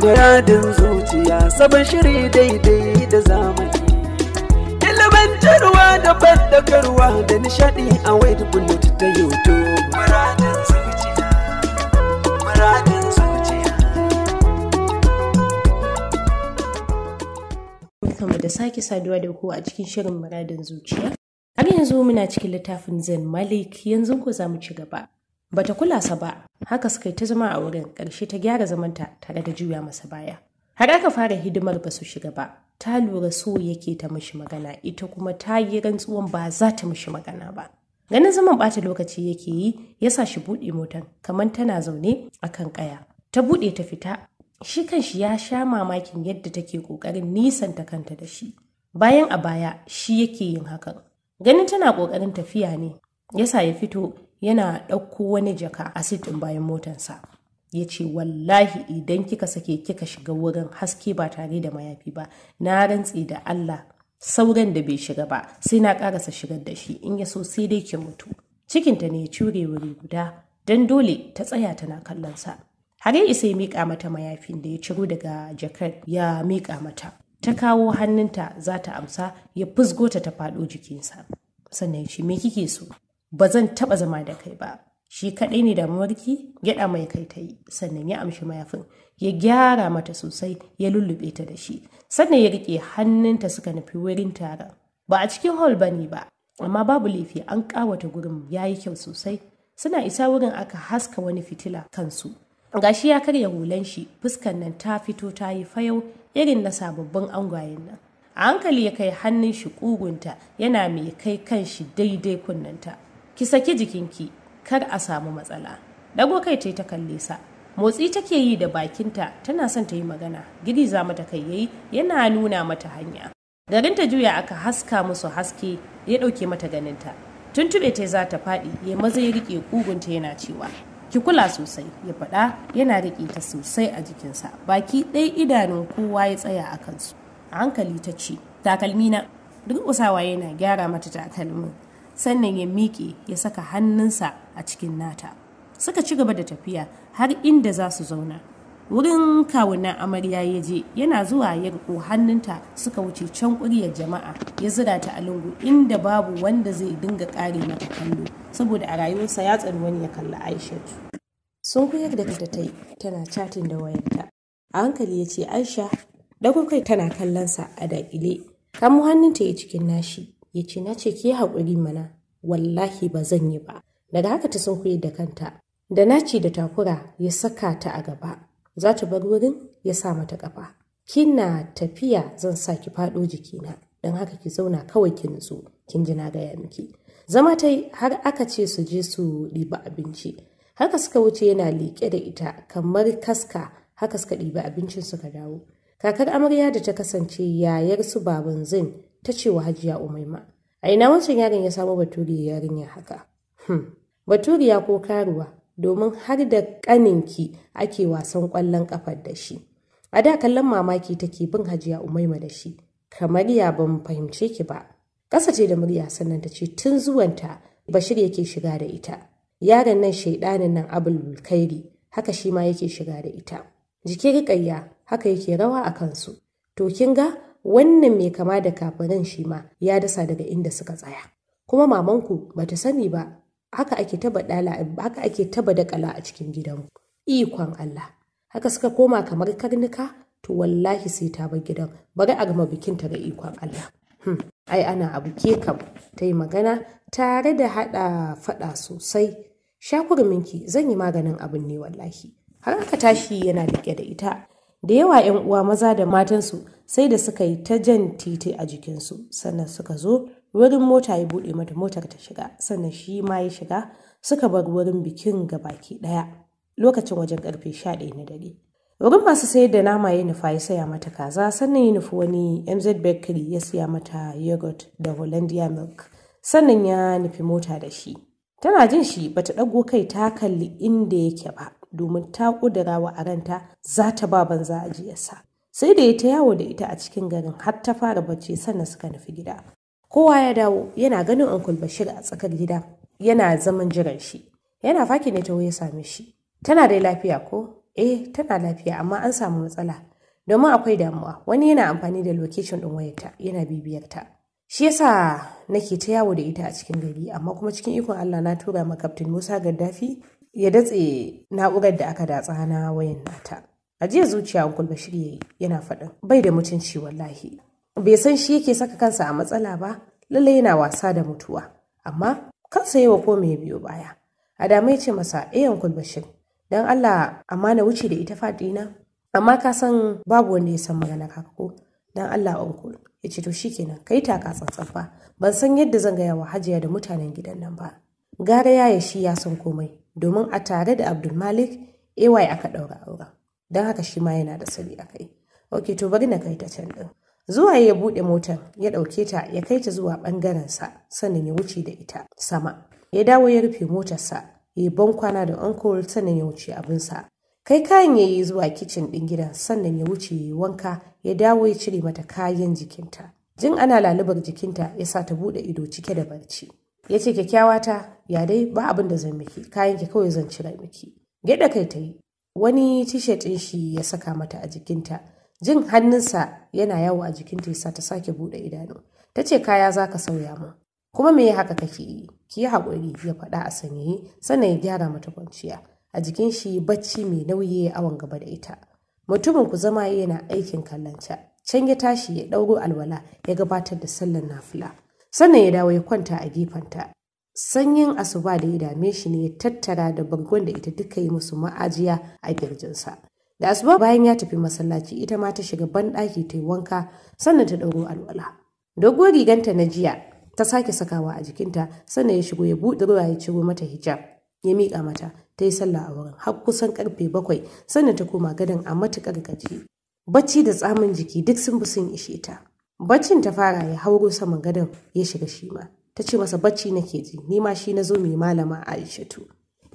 Muradin zuciya sabon shiri daidai da zamani. Ilimantarwa da bandagarwa da nishadi a wade bullet ta YouTube. da sake saduwa da ku a cikin shirin muradin zuciya. Har yanzu muna cikin littafin Zen Malik yanzu ko za mu ci gaba. bata kula sa ba haka suka yi ta zama a wurin ƙarshe ta gyara zamanta tare da juya masa baya har aka fara hidimar ba su shiga ba ta lura so yake ta mishi magana ita kuma ta yi rantsuwan ba za ta mishi magana ba ganin zaman bata lokaci yake yi ya sa shi buɗe motar kamar tana zaune a kan ƙaya ta buɗe ta fita shi kan shi ya sha mamakin yadda take ƙoƙarin nisanta kanta da shi bayan a baya shi yake yin hakan ganin tana ƙoƙarin tafiya ne yasa ya fito yana ɗauko wani jaka a ɗin bayan motansa ya ce wallahi idan kika sake kika shiga wurin haske ba tare da mayafi ba na rantse da Allah sauran da bai shiga ba sai na karasa shigar da shi in ya so sai dai ki mutu cikinta ne ya cure wuri guda don dole ta tsaya tana kallon sa har ya isa ya miƙa mata mayafin da ya ciro daga jakar ya miƙa mata ta kawo hannunta za ta amsa ya fusgo ta ta faɗo jikinsa sannan shi me kike so ba zan taɓa zama da kai ba shi kaɗai ne da mamarki gyaɗa mai kai ta yi sannan ya amshi mayafin ya gyara mata sosai ya lullube ta da shi sannan ya riƙe hannunta suka nufi wurin tara ba a cikin hall ba ne ba amma babu laifi an ƙawata gurin ya yi kyau sosai suna isa wurin aka haska wani fitila kansu gashi ya karya hulan shi fuskan nan ta fito ta yi fayau irin na sababbin angwayen nan a hankali ya kai hannun shi ƙugunta yana mai kai kan shi daidai kunnanta ki saki jikinki kar a samu matsala dago kai ta ta kalle sa motsi take yi da bakinta tana son ta yi magana girgiza mata kai yayi yana nuna mata hanya garin ta juya aka haska musu haske ya dauke mata ganin ta. tuntube ta za ta faɗi ya maza ya rike kugunta yana cewa ki kula sosai ya faɗa yana rike ta sosai a jikinsa baki ɗaya idanun kowa ya tsaya a kansu a hankali ta ce takalmina duk usawa yana gyara mata takalmin sannan ya miƙe ya saka hannunsa a cikin nata suka ci gaba da tafiya har inda za su zauna wurin kawunan amarya ya je yana zuwa ya riko hannunta suka wuce can ƙuryar jama'a ya zira ta a lungu inda babu wanda zai dinga ƙare mata kallo saboda a rayuwarsa ya tsari wani ya kalla aishatu sun koyar da ta ta tana catin da wayarta a hankali ya ce aisha dago kai tana kallonsa a daƙile kamo hannunta ya cikin nashi ya ce na ce ki haƙuri mana wallahi ba zan yi ba daga haka ta sun da kanta da naci da takura ya saka ta a gaba za ta bar wurin ya sa mata kafa kina tafiya zan sa ki faɗo jikina don haka ki zauna kawai ki nutsu kin ji na gaya miki zama ta har aka ce su je su ɗiba abinci haka suka wuce yana liƙe da ita kamar kaska haka suka ɗiba abincin suka dawo kakar amarya da ta kasance yayar su baban zin ta ce wa hajiya umaima a ina wancan yaron ya samo baturiya yarinya haka hmm, baturiya ko karuwa domin har da kaninki ake wasan ƙwallon ƙafar da shi a da kallon mamaki take bin hajiya umaima da shi kamar ya ban fahimce ki ba ƙasa ce da murya sannan ta ce tun zuwanta bashir yake shiga da ita yaron nan shaidanin nan abul kairi haka shi ma yake shiga da ita jiki riƙayya haka yake rawa a kansu to kin ga wannan mai kama da kafirin shi ma ya dasa daga inda suka tsaya kuma mamanku ba ta sani ba haka ake taba haka ake a cikin gidan ikon Allah haka suka koma kamar karnuka to wallahi sai ta bar gidan bari a gama bikin ta ga ikon Allah hmm, ai ana abu ke kam ta yi magana tare da hada-fada sosai shakurminki zan yi maganin abin ne wallahi har aka tashi yana riƙe da ita da yawa 'yan uwa maza da matansu sai da suka yi ta jan titi a jikinsu sannan suka zo wurin mota ya buɗe mata motar ta shiga sannan shi ma ya shiga suka bar wurin bikin ga baki ɗaya lokacin wajen karfe sha ɗaya na dare wurin masu sayar da nama ya nufa ya saya mata kaza sannan ya nufi wani mz bakery ya siya mata yogurt da hollandia milk sannan ya nufi mota da shi tana jin shi bata ɗago kai ta kalli inda yake ba domin ta ƙudura wa a ranta za ta ba banza ajiyarsa. Sai da ya ta yawo da ita a cikin garin har ta fara bacci sannan suka nufi gida. Kowa ya dawo yana ganin Uncle Bashir a tsakar gida yana zaman jiran shi. Yana faki ne ta ya same shi. Tana dai lafiya ko? Eh, tana lafiya amma an samu matsala. Domin akwai damuwa, wani yana amfani da location ɗin wayarta yana bibiyar ta Shi yasa nake ta yawo da ita a cikin gari amma kuma cikin ikon Allah na tura ma Captain Musa Gaddafi ya datse na'urar da aka datsa na wayan nata a jiya zuciya uncle bashir yayi yana faɗin bai da mutunci wallahi bai san shi yake saka kansa a matsala ba lallai yana wasa da mutuwa amma kansa yawa ko mai biyo baya adamai ce masa eh uncle bashir dan Allah amma na wuce da ita fadina amma ka san babu wanda ya san magana ka ko dan Allah uncle ya ce to shikenan kai taka tsantsan ba. ban san yadda zan gaya wa hajiya da mutanen gidan nan ba gara yaya shi ya san komai domin a tare da abdulmalik ay aka ɗaura auren don haka shi ma yana da sani a kai ok to bari na kai ta can ɗin zuwa ya buɗe motar ya ɗauke ta ya kai ta zuwa ɓangarensa sannan ya wuce da ita sama ya dawo ya rufe motarsa ya yi bankwana da uncle sannan ya wuce abinsa kai kayan ya yi zuwa kicin ɗin gidan sannan ya wuce ya yi wanka ya dawo ya cire mata kayan jikinta jin ana lalubar jikinta ya sa ta buɗe ido cike da barci ya ce kyakkyawa ta ya dai ba abin da zan miki kayan ki kawai zan cira miki gyaɗa kai ta yi wani tishet ɗin shi ya saka mata a jikinta jin hannunsa yana yawo a jikinta yasa ta sake buɗe idanu ta ce kaya za ka sauya mu kuma me haka kake yi ki yi haƙuri ya faɗa a sanyaye sannan ya gyara mata kwanciya a jikin shi bacci mai nauyi ya awon gaba da ita mutumin ku zama yana aikin kallon can ya tashi ya ɗauro alwala ya gabatar da sallar nafila sannan ya dawo ya kwanta a gefenta sanyin asuba da ya dame shi ne ya tattara da bangon da ita duka yi musu ma'ajiya a kirjinsa da asuba bayan ya tafi masallaci ita ma ta shiga banɗaki ta yi wanka sannan ta ɗauro alwala doguwar riganta na jiya ta sake sakawa a jikinta sannan ya shigo ya buɗe ruwa ya ciro mata hijab ya miƙa mata ta yi sallah a wurin har kusan karfe bakwai sannan ta koma gadon a matuƙar gaji bacci da tsamin jiki duk sun bi sun ishe ta baccin ta fara ya hauro saman gadon ya shiga shi ma ta ce masa bacci nake ji ni ma shi na zo mai malama aishatu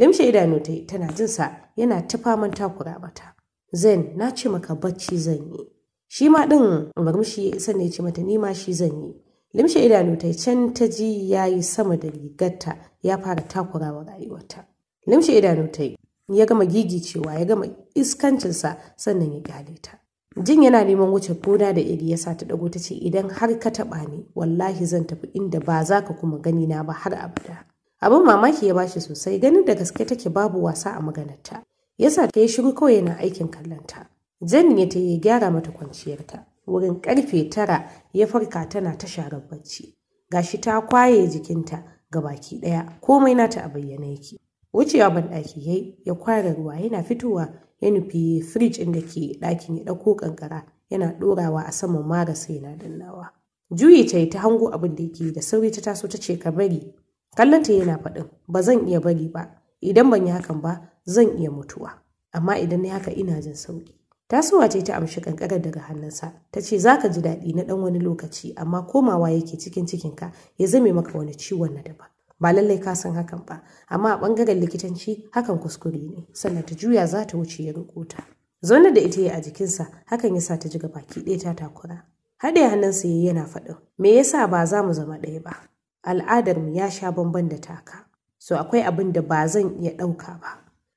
limshe idanu ta yi tana jin sa yana ta faman takura mata zain na ce maka bacci zan yi shi ma din murmushi ya isa ne ya ce mata ni ma shi zan yi limshe idanu ta yi can ta ji ya yi sama da rigarta ya fara takurawa rayuwarta limshe idanu ta yi ya gama gigicewa ya gama iskancinsa sannan ya kyale ta jin yana neman wuce gona da iri ya sa ta dago ta ce idan har ka taɓa ni wallahi zan tafi inda ba za ka kuma gani na ba har abada abin mamaki ya bashi sosai ganin da gaske take babu wasa a maganarta ya sa ta yi shiru kawai yana aikin kallonta janin ya ta yi gyara mata kwanciyarta wurin karfe tara ya farka tana ta share bacci gashi ta kwaye jikinta ga baki ɗaya komai na ta a bayyane yake wucewa ban ɗaki yayi ya kwara ruwa yana fitowa ya nufi firij ɗin da ke ɗakin ya ɗauko kankara yana ɗorawa a saman marasa yana dannawa juyi ta yi ta hango abin da yake da sauri ta taso ta ce ka bari kallonta yana faɗin ba zan iya bari ba idan ban yi hakan ba zan iya mutuwa amma idan na haka ina jin sauki tasowa ce ta amshi kankarar daga hannunsa ta ce za ka ji daɗi na ɗan wani lokaci amma komawa yake cikin cikinka ya zame maka wani ciwon na daban ba lallai ka san hakan ba amma a ɓangaren likitanci hakan kuskure ne sannan ta juya za ta wuce ya riko ta. zaune da ita a jikinsa hakan ya sa ta ji baki ɗaya ta takura haɗe hannunsa ya yi yana faɗin me yasa ba za mu zama ɗaya ba al'adar mu ya sha bamban da taka so akwai abin da ba zan iya ɗauka ba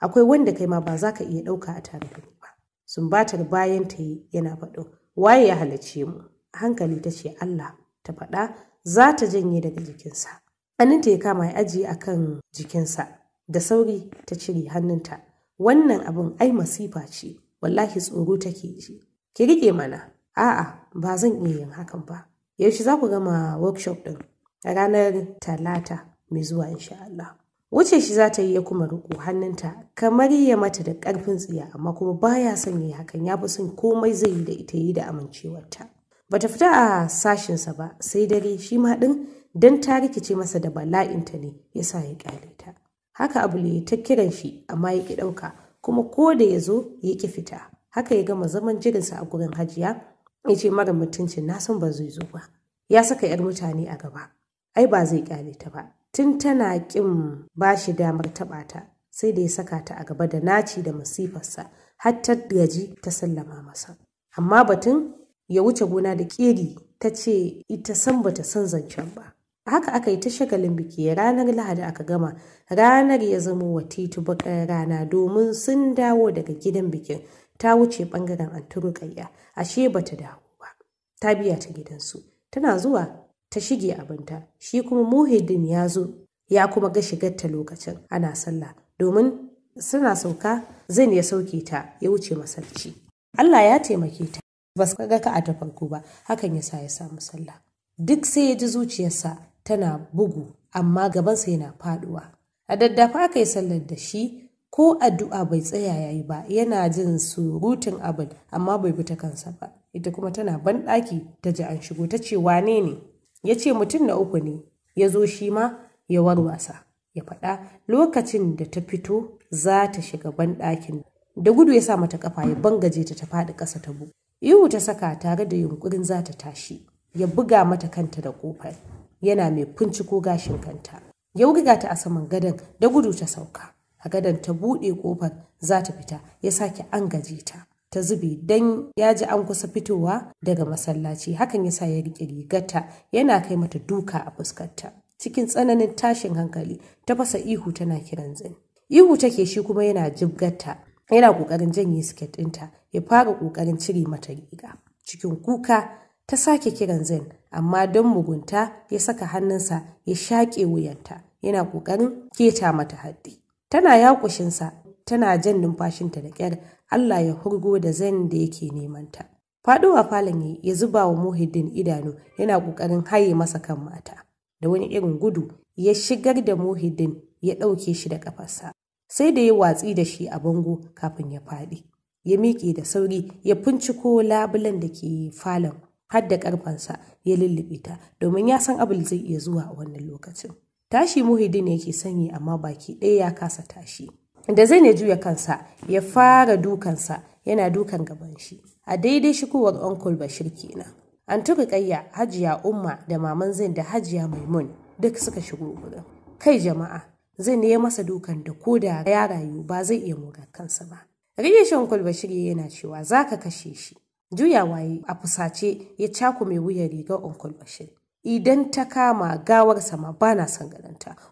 akwai wanda kai ma ba za ka iya ɗauka a tare da ni ba sumbatar bayan ta yi yana faɗo waye ya halarci mu hankali ta ce Allah ta faɗa za ta janye daga jikinsa Hannunta ya kama ya ajiye a kan jikinsa, da sauri ta cire hannunta. Wannan abin ai masifa ce, wallahi tsoro take ji. Ki riƙe mana, a'a ba zan iya yin hakan ba. Yaushe za ku gama workshop ɗin? Ranar Talata mai zuwa insha Allah. Wuce shi za ta yi ya kuma riƙo hannunta kamar ya mata da ƙarfin tsiya amma kuma baya son yi hakan ya fi son komai zai yi da ita yi da amincewarta. Bata fita a sashinsa ba sai dare shi ma ɗin don ta rikice masa da bala'inta ne ya sa ya ƙyale ta. Haka abu ne ta kiran shi amma ya ki ɗauka kuma ko da ya zo ya ki fita. Haka ya gama zaman jirinsa a gurin hajiya ya ce mara mutuncin na san ba zai zo ba. Ya saka 'yar mutane a gaba. Ai ba zai ƙyale ta ba. Tun tana ƙin ba shi damar taɓa ta sai da ya saka ta a gaba da naci da masifarsa har ta gaji ta sallama masa. Amma batun ya wuce gona da ƙiri ta ce ita san bata san zancen ba. a haka aka yi ta shagalin biki ranar lahadi aka gama ranar ya zama wa titi bakar rana domin sun dawo daga gidan bikin ta wuce bangaren anturukayya ashe bata dawo ba ta biya ta gidansu tana zuwa ta shige abinta shi kuma muhiddin ya zo ya kuma ga shigar ta lokacin ana sallah domin suna sauka zan ya sauke ta ya wuce masalci Allah ya taimake ta ba su ga ka a ta farko ba hakan ya sa ya samu sallah duk sai ya ji zuciyarsa tana bugu amma gabansa yana faduwa a daddafa aka yi sallar da shi ko addu'a bai tsaya ya yi ba yana jin surutun abin amma bai bi ta kansa ba ita kuma tana banɗaki ta ji an shigo ta ce wane ne ya ce mutum na uku ne ya zo shi ma ya warwasa ya faɗa lokacin da ta fito za ta shiga banɗakin da gudu ya sa mata kafa ya bangaje ta ta faɗi ƙasa ta bu ihu ta saka tare da yunkurin za ta tashi ya buga mata kanta da ƙofar yana mai finciko gashin kanta ya wurga ta a saman gadon da gudu ta sauka a gadon ta buɗe ƙofar za ta fita ya sake an gaje ta ta zube don ya ji an kusa fitowa daga masallaci hakan ya sa ya riƙe rigarta yana kai mata duka a fuskarta cikin tsananin tashin hankali ta fasa ihu tana kiran zin ihu take shi kuma yana jibgarta yana ƙoƙarin janye siket ɗinta ya fara ƙoƙarin cire mata riga cikin kuka ta sake kiran Zain amma don mugunta ya saka hannunsa ya shaƙe wuyanta yana ƙoƙarin keta mata haddi. Tana yaƙushinsa, tana jan numfashinta da ƙyar Allah ya hurgo da Zain da yake nemanta. Faɗuwa falon ya zuba wa Muhiddin idanu yana ƙoƙarin haye masa kan mata. Da wani irin gudu ya shigar da Muhiddin ya ɗauke shi da ƙafarsa. Sai da ya watsi da shi a bango kafin ya faɗi. Ya miƙe da sauri ya finciko labulen da ke falon har da karfansa ya lullube ta domin ya san abin zai iya zuwa a wannan lokacin tashi ne yake sanyi amma baki ɗaya ya kasa tashi da zai ne juya kansa ya fara dukansa yana dukan gaban shi a daidai shigowar onkul bashir kenan an tuka kayya hajiya umma da maman zai, da hajiya maimun duk suka shigo gurin kai jama'a zai ne ya masa dukan da ko da ya rayu ba zai iya mura kansa ba Riyashin Kulbashir yana cewa za ka kashe shi, Juyawa ya a fusace ya cakume wuyan rigar Uncle Bashir. Idan ta kama gawar sama ba na son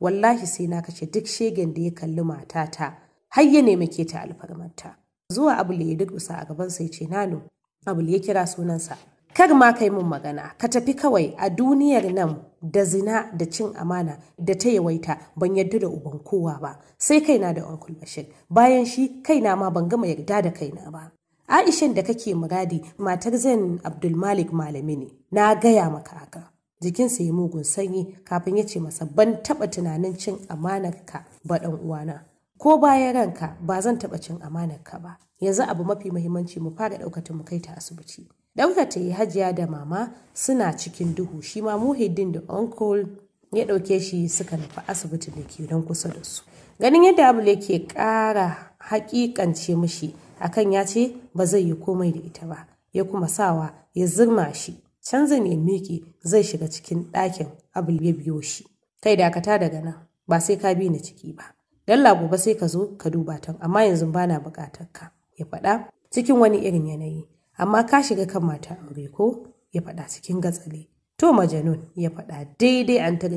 wallahi sai na kashe duk shegen da ya kalli matata, har ya nemi ke ta alfarmarta. Zuwa Abul ya durƙusa a gabansa ya ce nano, Abul ya kira sunansa. Kar ma kai mun magana, ka tafi kawai a duniyar nan da zina da cin amana da ta yawaita ban yarda da uban kowa ba sai kaina da onkul bashir bayan shi kaina ma ban gama yarda da kaina ba Aishan da kake muradi matar Zain Abdulmalik malami ne. Na gaya maka haka. Jikinsa ya mugun sanyi kafin ya ce masa ban taɓa tunanin cin amanar ka ba ɗan uwana. Ko bayan ranka ba zan taɓa cin amanar ka ba. Yanzu abu mafi muhimmanci mu fara ɗaukata mu kai ta asibiti. Ɗaukata yi hajiya da mama suna cikin duhu shi ma muhiddin da uncle ya ɗauke shi suka nufa asibitin da ke don kusa da su. Ganin yadda abu yake ƙara haƙiƙance mishi akan ya ce ba zai yi komai da ita ba ya kuma sawa ya zirma shi Canza ne ya miƙe zai shiga cikin ɗakin abu ya biyo shi kai dakata daga nan ba sai ka bi ni ciki ba dalla gobe sai ka zo ka duba tan amma yanzu bana buƙatar ka ya faɗa cikin wani irin yanayi amma ka shiga kan mata aure ko ya faɗa cikin gatsale to majanun ya faɗa daidai an ta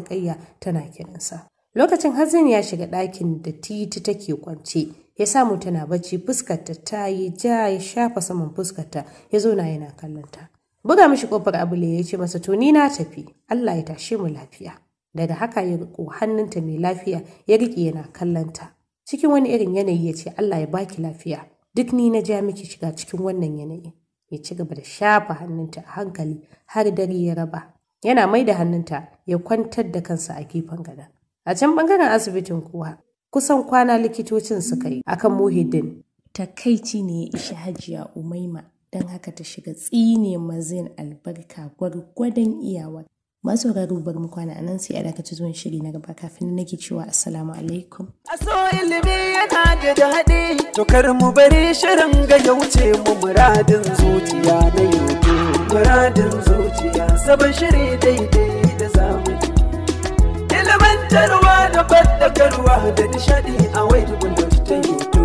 tana kiransa lokacin hazin ya shiga ɗakin da titi take kwance ya samu tana bacci fuskarta ta yi ja ya shafa saman fuskarta ya zo na yana kallonta buga mishi kofar abule ya ce masa to ni na tafi Allah ya tashe mu lafiya daga haka ya riko hannunta mai lafiya ya riƙe yana kallonta cikin wani irin yanayi ya ce Allah ya baki lafiya duk ni na ja miki shiga cikin wannan yanayi ya ci gaba da shafa hannunta a hankali har dare ya raba yana mai da hannunta ya kwantar da kansa a gefen gada. a can bangaren asibitin kuwa kusan kwana likitocin suka yi akan muhiddin takaici ne ya ishi hajiya umaima don haka ta shiga tsine mazin albarka gwargwadon iyawa masu sauraro bar mu kwana anan sai a dakaci zuwan shiri na gaba kafin nake cewa assalamu alaikum aso ilimi yana da daɗi to kar mu bari shirin ga ya wuce mu muradin zuciya na yau muradin zuciya sabon shiri daidai da zamani ilmantarwa da fadakarwa da nishadi a wai dubun da ta yi